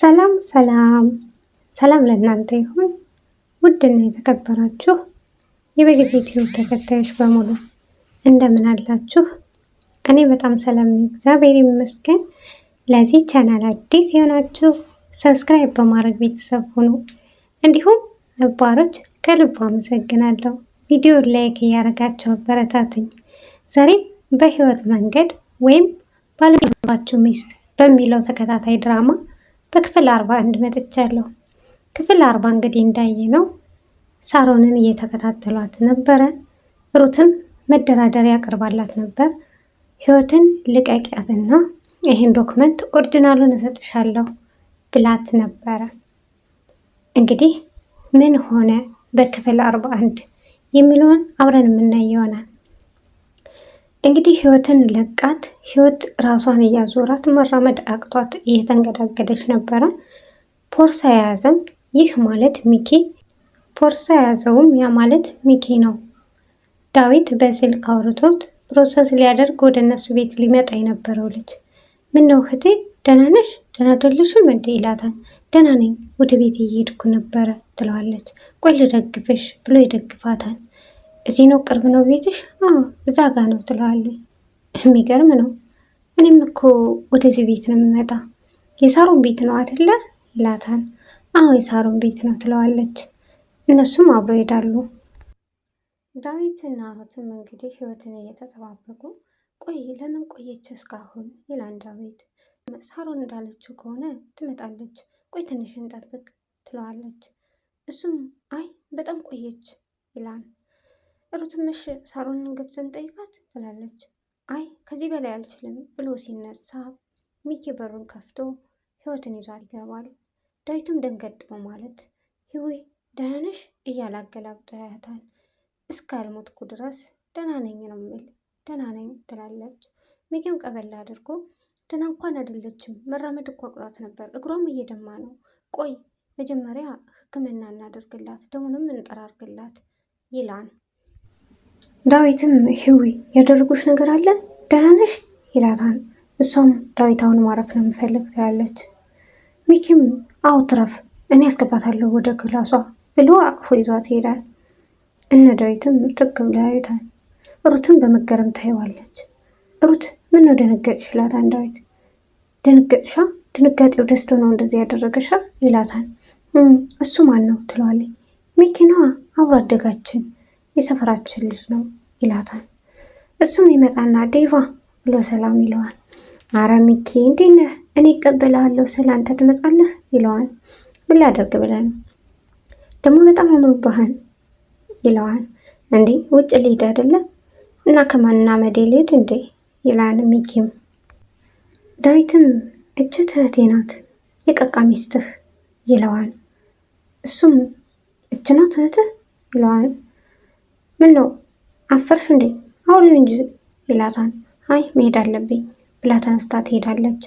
ሰላም ሰላም ሰላም ለእናንተ ይሁን። ውድና የተከበራችሁ የበጊዜ ዩቲዩብ ተከታዮች በሙሉ እንደምን አላችሁ? እኔ በጣም ሰላም ነኝ፣ እግዚአብሔር ይመስገን። ለዚህ ቻናል አዲስ የሆናችሁ ሰብስክራይብ በማድረግ ቤተሰብ ሁኑ። እንዲሁም ነባሮች ከልብ አመሰግናለሁ። ቪዲዮ ላይክ እያደረጋችሁ አበረታቱኝ። ዛሬ በህይወት መንገድ ወይም ባለባችሁ ሚስት በሚለው ተከታታይ ድራማ በክፍል አርባ አንድ መጥቻለሁ። ክፍል አርባ እንግዲህ እንዳየ ነው ሳሮንን እየተከታተሏት ነበረ። ሩትም መደራደሪያ ያቀርባላት ነበር። ህይወትን ልቀቂያትና ይህን ዶክመንት ኦሪጂናሉን እሰጥሻለሁ ብላት ነበረ። እንግዲህ ምን ሆነ በክፍል አርባ አንድ የሚለውን አብረን የምናይ ይሆናል። እንግዲህ ህይወትን ለቃት ህይወት ራሷን እያዞራት መራመድ አቅቷት እየተንገዳገደች ነበረ። ፖርሳ የያዘም ይህ ማለት ሚኪ ፖርሳ የያዘውም ያ ማለት ሚኪ ነው። ዳዊት በስልክ አውርቶት ፕሮሰስ ሊያደርግ ወደ እነሱ ቤት ሊመጣ የነበረው ልጅ ምን ነው እህቴ ደህና ነሽ? ደህና እንዴ ይላታል። ደህና ነኝ፣ ወደ ቤት እየሄድኩ ነበረ ትለዋለች። ቆይ ልደግፍሽ ብሎ ይደግፋታል። እዚህ ነው ቅርብ ነው ቤትሽ? አዎ እዛ ጋ ነው ትለዋለች። የሚገርም ነው። እኔም እኮ ወደዚህ ቤት ነው የምመጣ። የሳሮን ቤት ነው አደለ? ይላታል። አዎ የሳሮን ቤት ነው ትለዋለች። እነሱም አብረው ይሄዳሉ። ዳዊት እና ሩትም እንግዲህ ህይወትን እየተጠባበቁ ቆይ ለምን ቆየች እስካሁን ይላል ዳዊት። ሳሮን እንዳለችው ከሆነ ትመጣለች፣ ቆይ ትንሽ እንጠብቅ ትለዋለች። እሱም አይ በጣም ቆየች ይላል። ትንሽ ሳሮንን ገብተን ጠይቃት ትላለች። አይ ከዚህ በላይ አልችልም ብሎ ሲነሳ ሚኪ በሩን ከፍቶ ህይወትን ይዟል ይገባል። ዳዊትም ደንገጥ በማለት ህዊ ደህና ነሽ እያለ አገላብጦ ያያታል። እስካልሞትኩ ድረስ ደህና ነኝ ነው የሚል ደህና ነኝ ትላለች። ሚኪም ቀበላ አድርጎ ደህና እንኳን አይደለችም፣ መራመድ እኮ አቅጣት ነበር፣ እግሯም እየደማ ነው። ቆይ መጀመሪያ ህክምና እናደርግላት፣ ደሙንም እንጠራርግላት ይላል። ዳዊትም ህዊ ያደረጉች ነገር አለ ደህና ነሽ ይላታል። እሷም ዳዊት አሁን ማረፍ ነው የምፈልግ ትላለች። ሚኪም አዎ ትረፍ፣ እኔ ያስገባታለሁ ወደ ክላሷ ብሎ አቅፎ ይዟት ይሄዳል። እነ ዳዊትም ጥቅ ብለው ያዩታል። ሩትም በመገረም ታየዋለች። ሩት ምን ነው ደነገጥሽ ይላታል ዳዊት። ደነገጥሻ? ድንጋጤው ደስተው ነው እንደዚህ ያደረገሻ ይላታል። እሱ ማን ነው ትለዋለች። ሚኪ ነዋ አብሮ አደጋችን የሰፈራችን ልጅ ነው ይላታል። እሱም ይመጣና ዴቫ ብሎ ሰላም ይለዋል። አረ ሚኪ እንዴት ነህ? እኔ እቀበላለሁ ስለ አንተ ትመጣለህ ይለዋል። ምን ላደርግ ብለን ደግሞ በጣም አምሮብሃል ይለዋል። እንዴ ውጭ ልሄድ አይደለም? እና ከማንና መዴ ልሄድ እንዴ ይላል ሚኪም። ዳዊትም እች እህቴ ናት የቀቃ ሚስትህ ይለዋል። እሱም እች ናት እህትህ ይለዋል። ምን ነው አፈርሽ እንዴ? አውሪው እንጂ ይላታል። አይ መሄድ አለብኝ ብላ ተነስታ ትሄዳለች።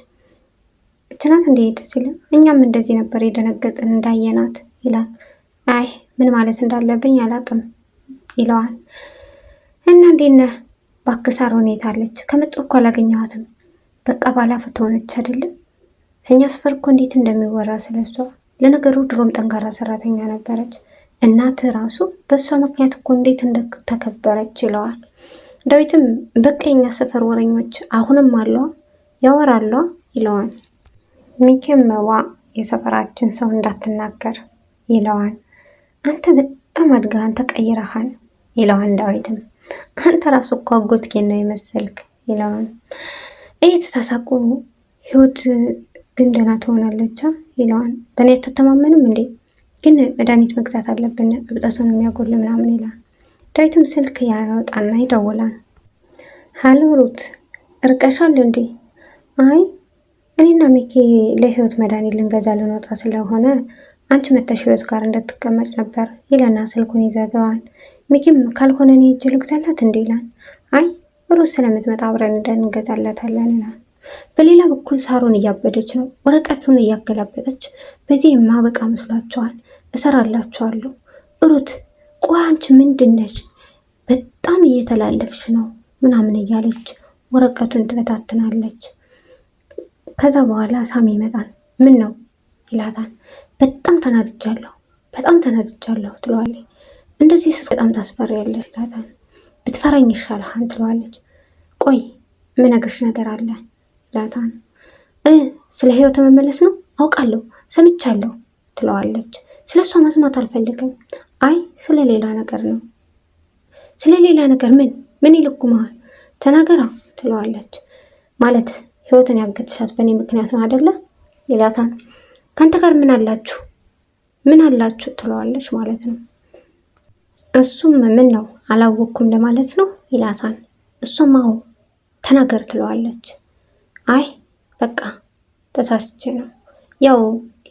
እችናት እንደሄድ ሲል እኛም እንደዚህ ነበር የደነገጥን እንዳየናት ይላል። አይ ምን ማለት እንዳለብኝ አላቅም ይለዋል። እና እንዴት ባክሳር እባክህ አለች? ከመጣሁ እኮ አላገኘኋትም። በቃ ባላፈት ሆነች አይደለም። እኛ ስፈር እኮ እንዴት እንደሚወራ ስለሷ። ለነገሩ ድሮም ጠንካራ ሰራተኛ ነበረች። እናት ራሱ በእሷ ምክንያት እኮ እንዴት እንደተከበረች ይለዋል። ዳዊትም በቃ የኛ ሰፈር ወረኞች አሁንም አለዋ ያወራሏ ይለዋል። ሚኬም መዋ የሰፈራችን ሰው እንዳትናገር ይለዋል። አንተ በጣም አድጋህን ተቀይረሃል ይለዋል። ዳዊትም አንተ ራሱ እኮ አጎትጌን ነው የመሰልክ ይለዋል። እየተሳሳቁ ህይወት ግን ደህና ትሆናለች ይለዋል። በእኔ አትተማመንም እንዴ ግን መድኃኒት መግዛት አለብን እብጠቱን የሚያጎል ምናምን ይላል። ዳዊትም ስልክ ያወጣና ይደውላል። ሀሎ ሩት እርቀሻል እንዴ? አይ እኔና ሚኪ ለህይወት መድኃኒት ልንገዛ ልንወጣ ስለሆነ አንቺ መተሽ ህይወት ጋር እንደትቀመጭ ነበር ይለና ስልኩን ይዘግባል። ሚኪም ካልሆነ እኔ እጅ ልግዛላት እንዴ ይላል። አይ ሩት ስለምትመጣ አብረን እንደንገዛላታለን ይላል። በሌላ በኩል ሳሮን እያበደች ነው፣ ወረቀቱን እያገላበጠች በዚህ የማበቃ መስሏቸዋል። እሰራላችኋለሁ። ሩት ቆይ አንቺ ምንድን በጣም እየተላለፍሽ ነው ምናምን እያለች ወረቀቱን ትበታትናለች። ከዛ በኋላ ሳሚ ይመጣል። ምን ነው ይላታል። በጣም ተናድጃለሁ፣ በጣም ተናድጃለሁ ትለዋለች። እንደዚህ ስ በጣም ታስፈሪያለሽ ይላታል። ብትፈራኝ ይሻልሃን ትለዋለች። ቆይ ምነግርሽ ነገር አለ ይላታል። ስለ ህይወት መመለስ ነው አውቃለሁ፣ ሰምቻለሁ ትለዋለች። ስለ እሷ መስማት አልፈልግም። አይ ስለ ሌላ ነገር ነው። ስለ ሌላ ነገር ምን ምን ይልጉመሃል? ተናገራ ትለዋለች። ማለት ህይወትን ያገትሻት በእኔ ምክንያት ነው አደለ? ይላታል። ከአንተ ጋር ምን አላችሁ? ምን አላችሁ ትለዋለች ማለት ነው። እሱም ምን ነው አላወቅኩም ለማለት ነው ይላታል። እሷም አዎ ተናገር ትለዋለች። አይ በቃ ተሳስቼ ነው ያው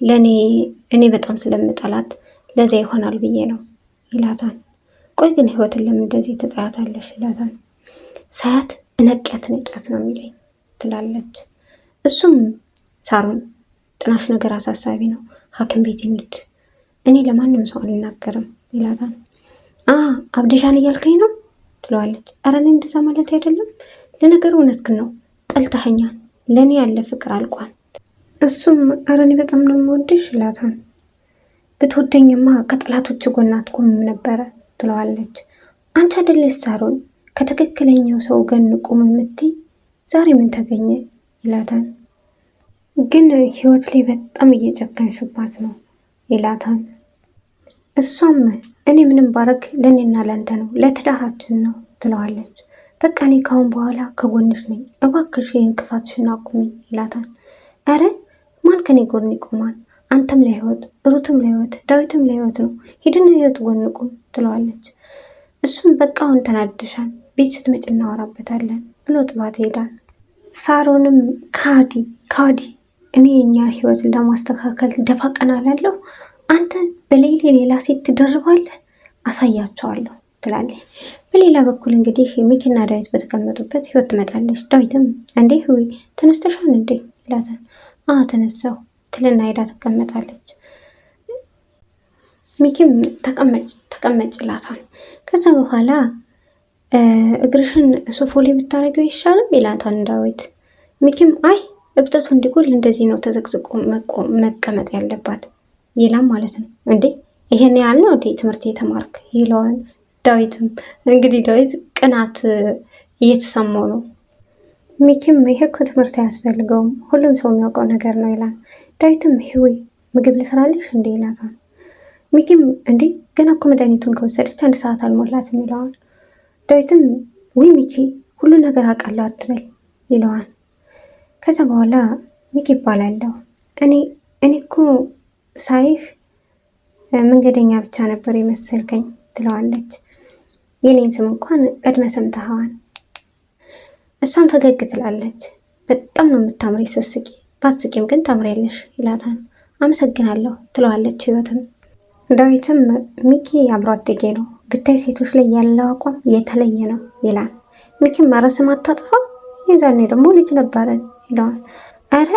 ለእኔ እኔ በጣም ስለምጠላት ለዛ ይሆናል ብዬ ነው ይላታል። ቆይ ግን ህይወትን ለምን እንደዚህ ትጠያታለሽ? ይላታል። ሳያት እነቅያት ነቅያት ነው የሚለኝ ትላለች። እሱም ሳሮን ጥናሽ ነገር አሳሳቢ ነው፣ ሐኪም ቤት እንሂድ፣ እኔ ለማንም ሰው አልናገርም ይላታል። አ አብደሻን እያልከኝ ነው ትለዋለች። ኧረ እኔ እንደዛ ማለት አይደለም። ለነገሩ እውነት ግን ነው ጠልተኸኛል። ለእኔ ያለ ፍቅር አልቋል እሱም ኧረ እኔ በጣም ነው የምወድሽ ይላታል። ብትወደኝማ ከጠላቶች ጎን አትቆምም ነበረ ትለዋለች። አንቺ አይደለሽ ሳሮን ከትክክለኛው ሰው ጎን ቁም የምትይ ዛሬ ምን ተገኘ ይላታል። ግን ህይወት ላይ በጣም እየጨከንሽባት ነው ይላታል። እሷም እኔ ምንም ባረግ ለእኔና ለአንተ ነው ለትዳራችን ነው ትለዋለች። በቃ እኔ ካሁን በኋላ ከጎንሽ ነኝ፣ እባክሽ ይህን ክፋትሽን አቁሚ ይላታል። ኧረ ማን ከኔ ጎን ይቆማል? አንተም ለህይወት ሩትም ለህይወት ዳዊትም ለህይወት ነው። ሂድን ህይወት ጎን ቁም ትለዋለች። እሱም በቃ አሁን ተናድሻል፣ ቤት ስትመጭ እናወራበታለን ብሎ ጥሏት ይሄዳል። ሳሮንም ካዲ ካዲ፣ እኔ የኛ ህይወት ለማስተካከል ደፋ ቀና ላለሁ አንተ በሌሌ ሌላ ሴት ትደርባለህ፣ አሳያቸዋለሁ ትላለች። በሌላ በኩል እንግዲህ ሚኪና ዳዊት በተቀመጡበት ህይወት ትመጣለች። ዳዊትም እንዴ ህዊ ተነስተሻን እንዴ ይላታል። ተነሳሁ ትልና ሄዳ ትቀመጣለች። ሚኪም ተቀመጭ ይላታል። ከዛ በኋላ እግርሽን ሶፋ ብታደረገው ይሻልም አይሻልም ይላታል ዳዊት። ሚኪም አይ እብጠቱ እንዲጎል እንደዚህ ነው ተዘቅዝቆ መቀመጥ ያለባት ይላም ማለት ነው። እንዴ ይሄን ያህል ነው እንዴ ትምህርት የተማርክ ይለዋል ዳዊትም። እንግዲህ ዳዊት ቅናት እየተሰማው ነው። ሚኪም ይሄ እኮ ትምህርት አያስፈልገውም ሁሉም ሰው የሚያውቀው ነገር ነው ይላል። ዳዊትም ህዊ ምግብ ልስራልሽ እንዴ ይላታል። ሚኪም እንዴ ገና እኮ መድኃኒቱን ከወሰደች አንድ ሰዓት አልሞላትም ይለዋል። ዳዊትም ውይ ሚኪ ሁሉን ነገር አውቃለሁ አትበል ይለዋል። ከዛ በኋላ ሚኪ ይባላለሁ እኔ እኔ እኮ ሳይህ መንገደኛ ብቻ ነበር የመሰልከኝ ትለዋለች። የኔን ስም እንኳን ቀድመ ሰምተኸዋል እሷም ፈገግ ትላለች። በጣም ነው የምታምሪ ስስቂ፣ ባትስቂም ግን ታምሪያለሽ ይላታል። አመሰግናለሁ ትለዋለች ህይወትም። ዳዊትም ሚኪ አብሮ አደጌ ነው ብታይ ሴቶች ላይ ያለው አቋም የተለየ ነው ይላል። ሚኪም ኧረ ስም አታጥፋ የዛኔ ደግሞ ልጅ ነበረን ይለዋል። ኧረ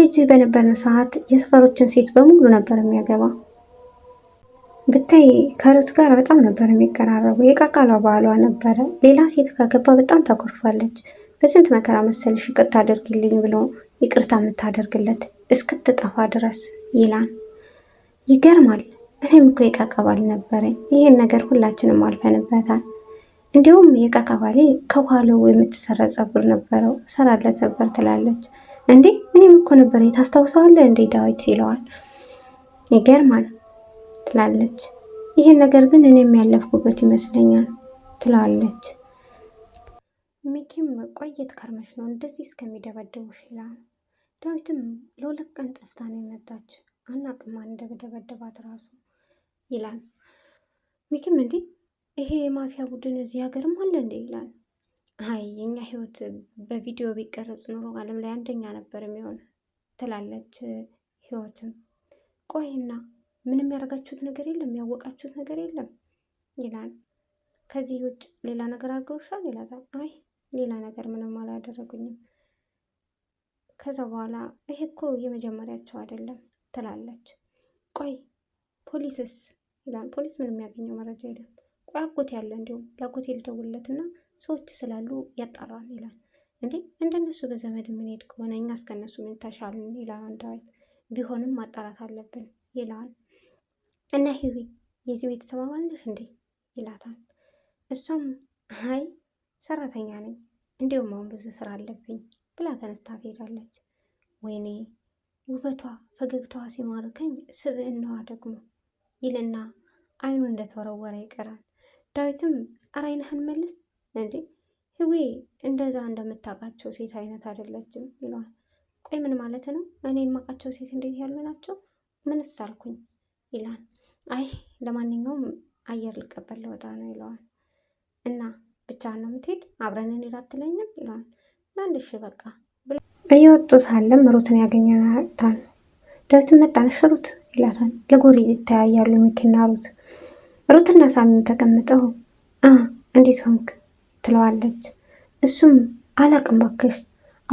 ልጅ በነበርን ሰዓት የሰፈሮችን ሴት በሙሉ ነበር የሚያገባው። ብታይ ከሩት ጋር በጣም ነበር የሚቀራረቡ። የቃቃሏ ባህሏ ነበረ። ሌላ ሴት ከገባ በጣም ታኮርፋለች። በስንት መከራ መሰልሽ ይቅርታ አድርግልኝ ብሎ ይቅርታ የምታደርግለት እስክትጠፋ ድረስ ይላል። ይገርማል። እኔም እኮ የቃቃ ባል ነበረኝ። ይህን ነገር ሁላችንም አልፈንበታል። እንዲሁም የቃቃ ባሌ ከኋላው የምትሰራ ጸጉር ነበረው፣ እሰራለት ነበር ትላለች። እንዴ እኔም እኮ ነበር ታስታውሰዋለህ እንዴ ዳዊት ይለዋል። ይገርማል። ትላለች። ይሄን ነገር ግን እኔም ያለፍኩበት ይመስለኛል ትላለች። ሚኪም ቆየት ከርመሽ ነው እንደዚህ እስከሚደበድቡሽ ይላል። ዳዊትም ለሁለት ቀን ጠፍታ ነው የመጣች አናቅም እንደደበደባት ራሱ ይላል። ሚኪም እንዲህ ይሄ የማፊያ ቡድን እዚህ ሀገርም አለ እንዴ ይላል። አይ የኛ ህይወት በቪዲዮ ቢቀረጽ ኑሮ ዓለም ላይ አንደኛ ነበር የሚሆን ትላለች ህይወትም ቆይና ምንም ያደረጋችሁት ነገር የለም፣ ያወቃችሁት ነገር የለም ይላል። ከዚህ ውጭ ሌላ ነገር አድርገውሻል ይላታል። አይ ሌላ ነገር ምንም አላደረጉኝም። ከዛ በኋላ ይሄ እኮ የመጀመሪያቸው አይደለም ትላለች። ቆይ ፖሊስስ ይላል። ፖሊስ ምንም ያገኘው መረጃ የለም። ቆይ አጎቴ ያለ እንዲሁም ለአጎቴ ልደውልለትና ሰዎች ስላሉ ያጣራል ይላል። እንዴ እንደነሱ በዘመድ የምንሄድ ከሆነ እኛ እስከነሱ ምን ተሻልን? ይላል አንዳዊት። ቢሆንም ማጣራት አለብን ይላል። እና ሂዊ የዚህ ቤተሰብ አባል ነሽ እንዴ ይላታል። እሷም አይ ሰራተኛ ነኝ፣ እንዲሁም አሁን ብዙ ስራ አለብኝ ብላ ተነስታ ትሄዳለች። ወይኔ ውበቷ፣ ፈገግታዋ ሲማርከኝ ስብዕናዋ ደግሞ ይልና አይኑ እንደተወረወረ ይቀራል። ዳዊትም ኧረ አይንህን መልስ እንዴ ህዊ እንደዛ እንደምታውቃቸው ሴት አይነት አይደለችም ይለዋል። ቆይ ምን ማለት ነው? እኔ የማውቃቸው ሴት እንዴት ያሉ ናቸው? ምንስ አልኩኝ? ይላል። አይ ለማንኛውም አየር ልቀበል ለወጣ ነው ይለዋል። እና ብቻ ነው የምትሄድ አብረን እንሂድ አትለኝም ይለዋል። ለአንድ በቃ እየወጡ ሳለም ሩትን ያገኘታል። ዳዊትን መጣነሽ ሩት ይላታል። ለጎሪጥ ይተያያሉ ሚኪና ሩት። ሩትና ሳሚም ተቀምጠው እንዴት ሆንክ ትለዋለች። እሱም አላቅም ባክሽ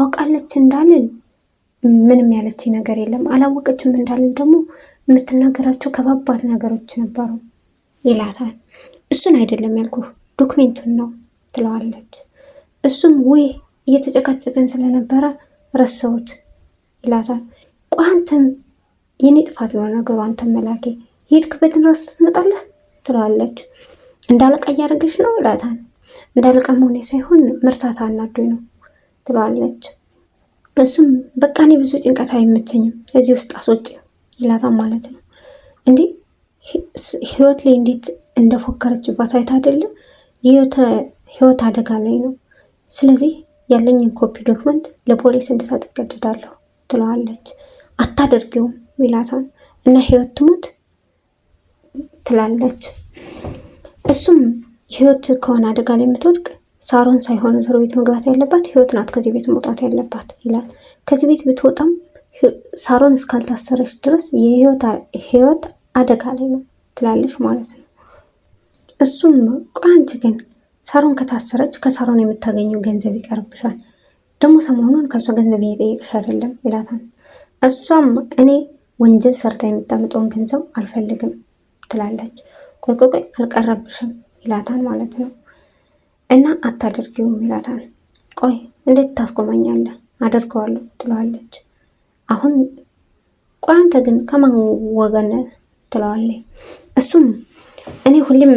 አውቃለች እንዳልል ምንም ያለች ነገር የለም። አላወቀችም እንዳለ ደግሞ የምትናገራቸው ከባባድ ነገሮች ነበሩ ይላታል። እሱን አይደለም ያልኩ ዶክሜንቱን ነው ትለዋለች። እሱም ውይ እየተጨቃጨቀን ስለነበረ ረሰውት ይላታል። ቋንትም የኔ ጥፋት ነው ነገሩ፣ አንተም መላኬ የሄድክበትን ረስ ትመጣለህ ትለዋለች። እንዳለቃ እያደረገች ነው ይላታል። እንዳለቃ መሆኔ ሳይሆን መርሳት አናዶኝ ነው ትለዋለች። በሱም በቃ እኔ ብዙ ጭንቀት አይመቸኝም እዚህ ውስጥ አስወጭ ይላታ ማለት ነው። እንዴ ህይወት ላይ እንዴት እንደፎከረችባት አይታ አይደለም ህይወት አደጋ ላይ ነው። ስለዚህ ያለኝን ኮፒ ዶክመንት ለፖሊስ እንድሰጥ እገደዳለሁ ትለዋለች። አታደርጊውም ይላታል እና ህይወት ትሙት ትላለች። እሱም ህይወት ከሆነ አደጋ ላይ የምትወድቅ ሳሮን ሳይሆን እስር ቤት መግባት ያለባት ህይወት ናት ከዚህ ቤት መውጣት ያለባት ይላል። ከዚህ ቤት ብትወጣም ሳሮን እስካልታሰረች ድረስ የህይወት አደጋ ላይ ነው ትላለች ማለት ነው። እሱም ቆንጅ ግን ሳሮን ከታሰረች ከሳሮን የምታገኘው ገንዘብ ይቀርብሻል፣ ደግሞ ሰሞኑን ከእሷ ገንዘብ እየጠየቅሽ አይደለም ይላታል። እሷም እኔ ወንጀል ሰርታ የምታመጣውን ገንዘብ አልፈልግም ትላለች። ቆይ ቆይ ቆይ አልቀረብሽም ይላታል ማለት ነው። እና አታደርጊውም ይላታል። ቆይ እንዴት ታስቆመኛለህ? አደርገዋለሁ ትለዋለች። አሁን ቆይ አንተ ግን ከማን ወገን ትለዋለች። እሱም እኔ ሁሌም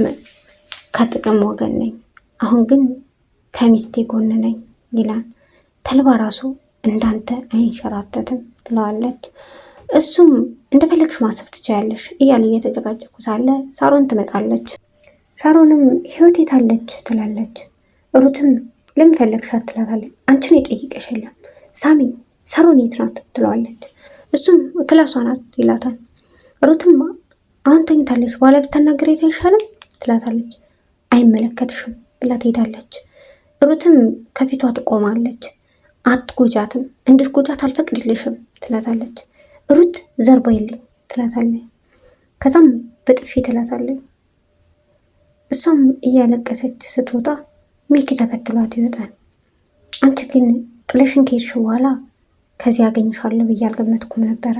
ከጥቅም ወገን ነኝ፣ አሁን ግን ከሚስቴ ጎን ነኝ ይላል። ተልባ ራሱ እንዳንተ አይንሸራተትም ትለዋለች። እሱም እንደፈለግሽ ማሰብ ትችያለሽ እያሉ እየተጨቃጨቁ ሳለ ሳሮን ትመጣለች። ሳሮንም ህይወት የታለች ትላለች። ሩትም ለምን ፈለግሻት ትላታለች። አንቺን የለም ሳሚ፣ ሳሮን የት ናት ትለዋለች። እሱም ክላሷ ናት ይላታል። ሩትም አሁን ተኝታለች፣ በኋላ ብታናገር አይሻልም ትላታለች። አይመለከትሽም ብላ ትሄዳለች። ሩትም ከፊቷ ትቆማለች። አትጎጃትም፣ እንድትጎጃት አልፈቅድልሽም ትላታለች። ሩት ዘርባ የለኝ ትላታለች። ከዛም በጥፊ ትላታለች። እሷም እያለቀሰች ስትወጣ ሚኪ ተከትሏት ይወጣል። አንቺ ግን ጥለሽን ከሄድሽ በኋላ ከዚህ አገኝሻለሁ ብዬ አልገመትኩም ነበረ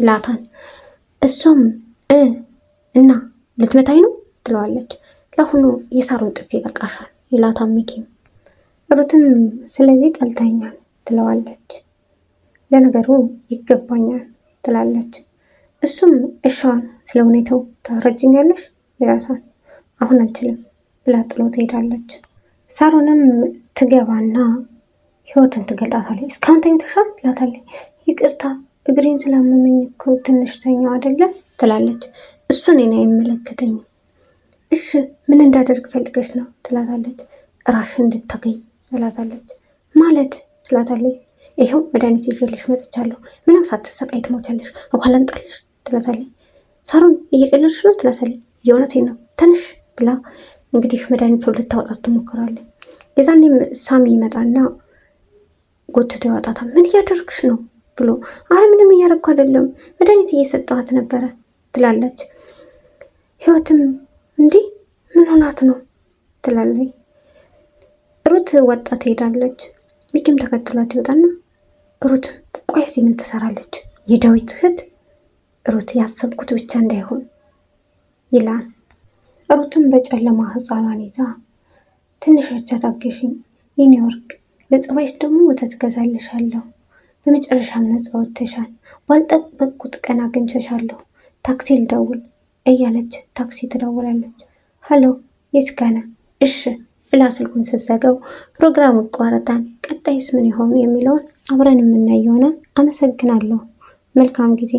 ይላታል። እሷም እ እና ልትመታኝ ነው ትለዋለች። ለአሁኑ የሳሩን ጥፊ ይበቃሻል ይላታል ሚኪም። ሩትም ስለዚህ ጠልተኛል ትለዋለች። ለነገሩ ይገባኛል ትላለች። እሱም እሻ ስለ ሁኔታው ታረጅኛለሽ ይላታል። አሁን አልችልም ብላ ጥሎ ትሄዳለች። ሳሮንም ትገባና ህይወትን ትገልጣታለች። እስካሁን ተኝተሻል ትላታለች። ይቅርታ እግሬን ስላመመኝ እኮ ትንሽ ተኛው አይደለም ትላለች። እሱን እኔ አይመለከተኝም። እሺ ምን እንዳደርግ ፈልገች ነው ትላታለች። ራሽ እንድታገኝ ትላታለች። ማለት ትላታለች። ይሄው መድኃኒት ይዤልሽ መጥቻለሁ። ምንም ሳትሰቃይ ትሞቻለሽ። እንኳን ላንጣልሽ ትላታለች። ሳሮን እየቀለድሽ ነው ትላታለች። የእውነት ነው ትንሽ ብላ እንግዲህ መድኃኒቱን ልታወጣት ትሞክራለች። የዛኔም ሳሚ ይመጣና ጎትቶ ያወጣታል። ምን እያደረግሽ ነው ብሎ አረ ምንም እያደረግኩ አይደለም መድኃኒት እየሰጠኋት ነበረ ትላለች። ህይወትም እንዲህ ምን ሆናት ነው ትላለች። ሩት ወጣ ትሄዳለች። ሚኪም ተከትሏት ይወጣና ሩት ቆይ እዚህ ምን ትሰራለች? የዳዊት እህት ሩት ያሰብኩት ብቻ እንዳይሆን ይላል። ሩትም በጨለማ ህፃኗን ይዛ ትንሽ ብቻ ታገሽኝ የኔ ወርቅ፣ ለጸባይሽ ደግሞ ወተት ገዛልሻለሁ። በመጨረሻም ነፃ ወጥተሻል። ባልጠበቅኩት ቀን አግኝቼሻለሁ። ታክሲ ልደውል እያለች ታክሲ ትደውላለች። ሀሎ የት ጋነ እሽ ብላ ስልኩን ስትዘጋው ፕሮግራም መቋረጣን ቀጣይስ ምን ይሆን የሚለውን አብረን የምናየው ይሆናል። አመሰግናለሁ። መልካም ጊዜ